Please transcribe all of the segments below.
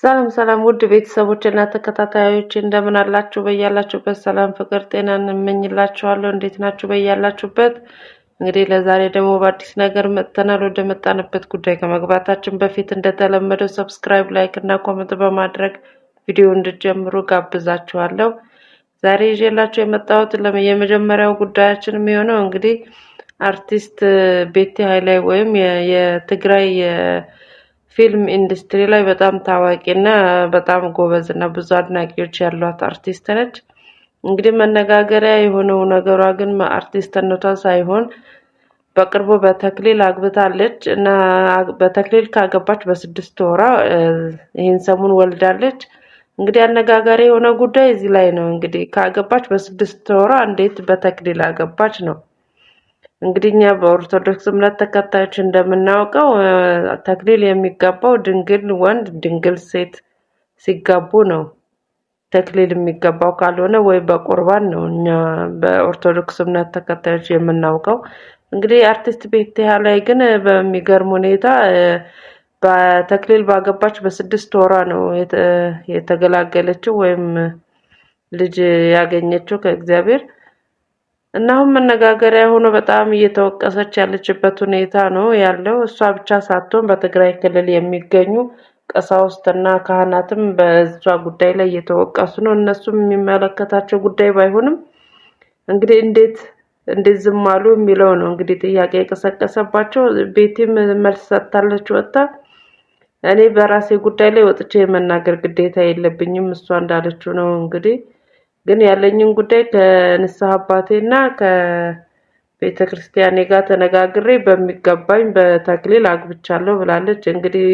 ሰላም ሰላም ውድ ቤተሰቦች እና ተከታታዮች እንደምን አላችሁ? በያላችሁበት ሰላም፣ ፍቅር፣ ጤና እንመኝላችኋለሁ። እንዴት ናችሁ? በያላችሁበት እንግዲህ ለዛሬ ደግሞ በአዲስ ነገር መጥተናል። ወደ መጣንበት ጉዳይ ከመግባታችን በፊት እንደተለመደው ሰብስክራይብ፣ ላይክ እና ኮመንት በማድረግ ቪዲዮ እንድጀምሩ ጋብዛችኋለሁ። ዛሬ ይዤላችሁ የመጣሁት የመጀመሪያው ጉዳያችን የሚሆነው እንግዲህ አርቲስት ቤቲ ሀይላይ ወይም የትግራይ ፊልም ኢንዱስትሪ ላይ በጣም ታዋቂና በጣም ጎበዝ እና ብዙ አድናቂዎች ያሏት አርቲስት ነች። እንግዲህ መነጋገሪያ የሆነው ነገሯ ግን አርቲስትነቷ ሳይሆን በቅርቡ በተክሊል አግብታለች እና በተክሊል ካገባች በስድስት ወራ ይህን ሰሙን ወልዳለች። እንግዲህ አነጋጋሪ የሆነ ጉዳይ እዚህ ላይ ነው። እንግዲህ ካገባች በስድስት ወራ እንዴት በተክሊል አገባች ነው። እንግዲህ እኛ በኦርቶዶክስ እምነት ተከታዮች እንደምናውቀው ተክሊል የሚጋባው ድንግል ወንድ ድንግል ሴት ሲጋቡ ነው። ተክሊል የሚገባው ካልሆነ ወይ በቁርባን ነው። እኛ በኦርቶዶክስ እምነት ተከታዮች የምናውቀው እንግዲህ አርቲስት ቤትያ ላይ ግን በሚገርም ሁኔታ በተክሊል ባገባች በስድስት ወሯ ነው የተገላገለችው ወይም ልጅ ያገኘችው ከእግዚአብሔር። እና አሁን መነጋገሪያ ሆኖ በጣም እየተወቀሰች ያለችበት ሁኔታ ነው ያለው። እሷ ብቻ ሳትሆን በትግራይ ክልል የሚገኙ ቀሳውስትና ካህናትም በእሷ ጉዳይ ላይ እየተወቀሱ ነው። እነሱም የሚመለከታቸው ጉዳይ ባይሆንም እንግዲህ እንዴት እንዴት ዝም አሉ የሚለው ነው እንግዲህ ጥያቄ የቀሰቀሰባቸው። ቤቲም መልስ ሰጥታለች ወጥታ እኔ በራሴ ጉዳይ ላይ ወጥቼ የመናገር ግዴታ የለብኝም እሷ እንዳለችው ነው እንግዲህ ግን ያለኝን ጉዳይ ከንስሐ አባቴና ከቤተ ክርስቲያኔ ጋር ተነጋግሬ በሚገባኝ በተክሊል አግብቻለሁ ብላለች። እንግዲህ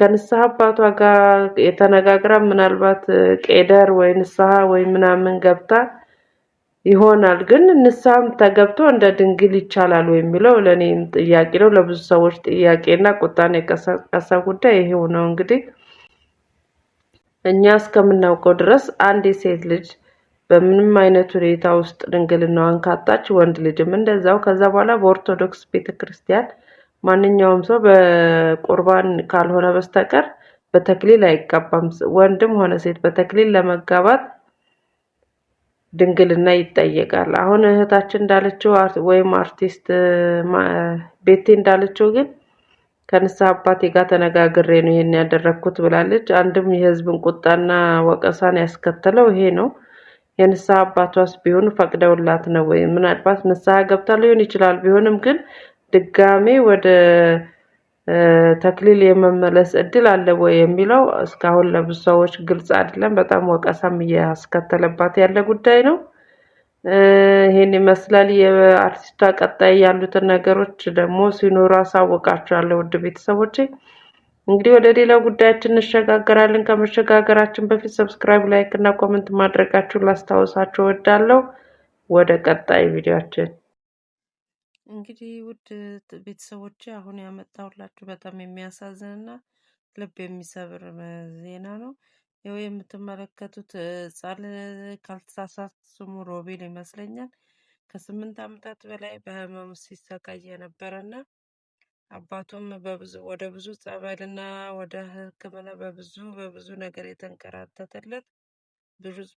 ከንስሐ አባቷ ጋር የተነጋግራ ምናልባት ቄደር ወይ ንስሐ ወይ ምናምን ገብታ ይሆናል ግን ንስሐም ተገብቶ እንደ ድንግል ይቻላል የሚለው ለእኔም ጥያቄ ነው። ለብዙ ሰዎች ጥያቄና ቁጣን የቀሰቀሰ ጉዳይ ይሄው ነው። እንግዲህ እኛ እስከምናውቀው ድረስ አንድ የሴት ልጅ በምንም አይነት ሁኔታ ውስጥ ድንግልናዋን ካጣች ወንድ ልጅም እንደዛው። ከዛ በኋላ በኦርቶዶክስ ቤተ ክርስቲያን ማንኛውም ሰው በቁርባን ካልሆነ በስተቀር በተክሊል አይጋባም። ወንድም ሆነ ሴት በተክሊል ለመጋባት ድንግልና ይጠየቃል። አሁን እህታችን እንዳለችው ወይም አርቲስት ቤቴ እንዳለችው ግን ከንስሐ አባቴ ጋር ተነጋግሬ ነው ይሄን ያደረግኩት ብላለች። አንድም የህዝብን ቁጣና ወቀሳን ያስከተለው ይሄ ነው። የንስሐ አባቷስ ቢሆኑ ፈቅደውላት ነው ወይ? ምናልባት ንስሐ ገብታ ሊሆን ይችላል። ቢሆንም ግን ድጋሜ ወደ ተክሊል የመመለስ እድል አለ ወይ የሚለው እስካሁን ለብዙ ሰዎች ግልጽ አይደለም። በጣም ወቀሳም እያስከተለባት ያለ ጉዳይ ነው። ይህን ይመስላል። የአርቲስቷ ቀጣይ ያሉትን ነገሮች ደግሞ ሲኖሩ አሳውቃችኋለሁ ውድ ቤተሰቦቼ። እንግዲህ ወደ ሌላው ጉዳያችን እንሸጋገራለን። ከመሸጋገራችን በፊት ሰብስክራይብ፣ ላይክ እና ኮመንት ማድረጋችሁን ላስታውሳችሁ እወዳለሁ። ወደ ቀጣይ ቪዲዮችን እንግዲህ ውድ ቤተሰቦች አሁን ያመጣሁላችሁ በጣም የሚያሳዝን እና ልብ የሚሰብር ዜና ነው። ይኸው የምትመለከቱት ጻል ካልተሳሳት ስሙ ሮቤል ይመስለኛል ከስምንት ዓመታት በላይ በህመሙ ሲሰቃይ ና። አባቱም በብዙ ወደ ብዙ ጸበልና ወደ ሕክምና በብዙ በብዙ ነገር የተንከራተተለት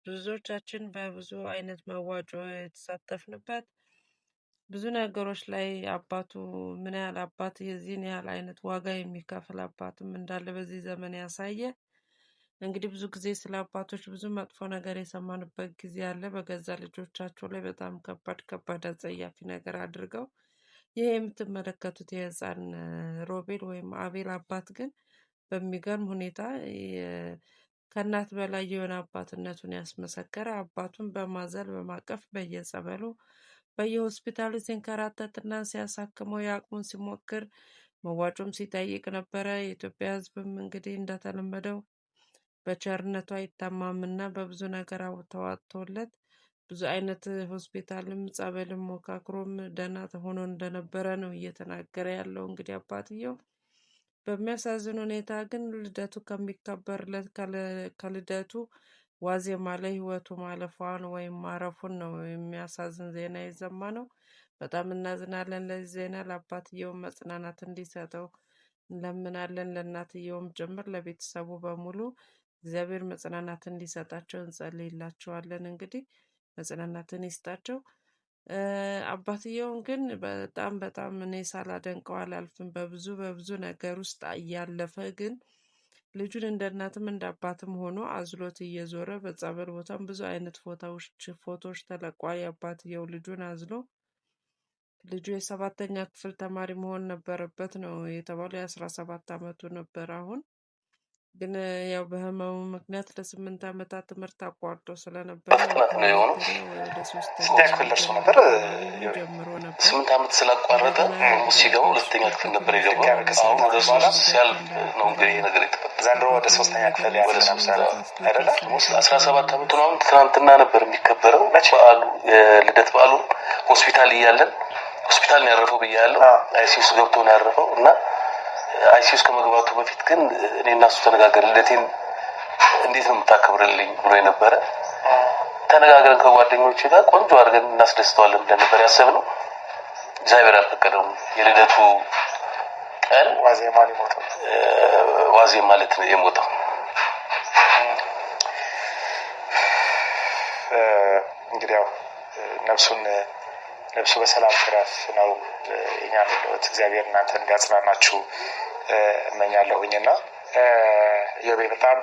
ብዙዎቻችን በብዙ አይነት መዋጮ የተሳተፍንበት ብዙ ነገሮች ላይ አባቱ ምን ያህል አባት የዚህን ያህል አይነት ዋጋ የሚከፍል አባትም እንዳለ በዚህ ዘመን ያሳየ። እንግዲህ ብዙ ጊዜ ስለ አባቶች ብዙ መጥፎ ነገር የሰማንበት ጊዜ አለ። በገዛ ልጆቻቸው ላይ በጣም ከባድ ከባድ አጸያፊ ነገር አድርገው ይህ የምትመለከቱት የህፃን ሮቤል ወይም አቤል አባት ግን በሚገርም ሁኔታ ከእናት በላይ የሆነ አባትነቱን ያስመሰከረ አባቱን በማዘል በማቀፍ በየጸበሉ በየሆስፒታሉ ሲንከራተትና ሲያሳክመው የአቅሙን ሲሞክር መዋጮም ሲጠይቅ ነበረ። የኢትዮጵያ ህዝብም እንግዲህ እንደተለመደው በቸርነቱ አይታማምና በብዙ ነገር ተዋጥቶለት ብዙ አይነት ሆስፒታልም ጸበልም ሞካክሮም ደህና ሆኖ እንደነበረ ነው እየተናገረ ያለው። እንግዲህ አባትየው በሚያሳዝን ሁኔታ ግን ልደቱ ከሚከበርለት ከልደቱ ዋዜማ ላይ ህይወቱ ማለፏን ወይም ማረፉን ነው የሚያሳዝን ዜና የዘማ ነው። በጣም እናዝናለን ለዚህ ዜና። ለአባትየው መጽናናት እንዲሰጠው እንለምናለን። ለእናትየውም ጭምር ለቤተሰቡ በሙሉ እግዚአብሔር መጽናናት እንዲሰጣቸው እንጸልይላቸዋለን እንግዲህ መጽናናትን ይስጣቸው። አባትየውን ግን በጣም በጣም እኔ ሳላደንቀው አላልፍም። በብዙ በብዙ ነገር ውስጥ እያለፈ ግን ልጁን እንደ እናትም እንደ አባትም ሆኖ አዝሎት እየዞረ በጸበል ቦታም ብዙ አይነት ፎቶዎች ፎቶዎች ተለቋል። የአባትየው ልጁን አዝሎ ልጁ የሰባተኛ ክፍል ተማሪ መሆን ነበረበት ነው የተባለው። የአስራ ሰባት አመቱ ነበር አሁን ግን ያው በህመሙ ምክንያት ለስምንት ዓመታት ትምህርት አቋርጦ ስለነበረ ስንተኛ ክፍል ደርሶ ነበር ስምንት ዓመት ስላቋረጠ ሲገባ ሁለተኛ ክፍል ነበር የገባው። ነው እንግዲህ ነገር የተፈጠረው። ክፍል ወደ አይደለ አስራ ሰባት ዓመቱ ነው። አሁን ትናንትና ነበር የሚከበረው በዓሉ ልደት በዓሉ ሆስፒታል እያለን ሆስፒታል ነው ያረፈው ብያለሁ። አይሲዩስ ገብቶ ነው ያረፈው እና አይሲዩ ከመግባቱ በፊት ግን እኔ እና እሱ ተነጋገር ልደቴን እንዴት ነው የምታከብርልኝ ብሎ የነበረ ተነጋግረን ከጓደኞች ጋር ቆንጆ አድርገን እናስደስተዋለን ብለን ነበር ያሰብነው። እግዚአብሔር አልፈቀደውም። የልደቱ ቀን ዋዜ ማለት ነው የሞተው። እንግዲህ ያው ነፍሱን ነፍሱ በሰላም ትረፍ ነው እኛ ምለት እግዚአብሔር እናንተ እንዲያጽናናችሁ እመኛለሁኝ ና ዮቤ በጣም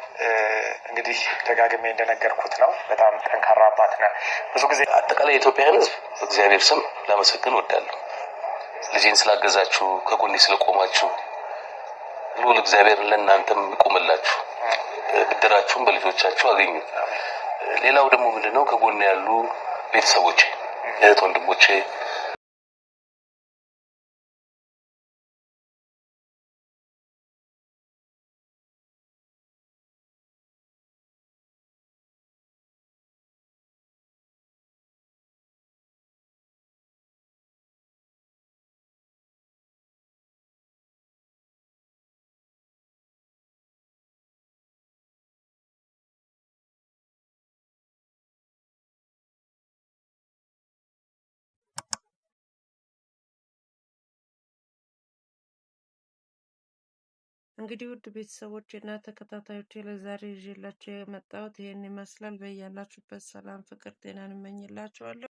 እንግዲህ ደጋግሜ እንደነገርኩት ነው። በጣም ጠንካራ አባት ነ ብዙ ጊዜ አጠቃላይ የኢትዮጵያ ሕዝብ እግዚአብሔር ስም ላመሰግን ወዳለሁ። ልጄን ስላገዛችሁ፣ ከጎኔ ስለቆማችሁ ልዑል እግዚአብሔር ለእናንተም ይቆምላችሁ፣ ብድራችሁን በልጆቻችሁ አገኙ። ሌላው ደግሞ ምንድነው ከጎን ያሉ ቤተሰቦቼ፣ እህት ወንድሞቼ እንግዲህ ውድ ቤተሰቦች እና ተከታታዮች ለዛሬ ይዤላቸው የመጣሁት ይህን ይመስላል። በያላችሁበት ሰላም፣ ፍቅር፣ ጤናን እመኝላችኋለሁ።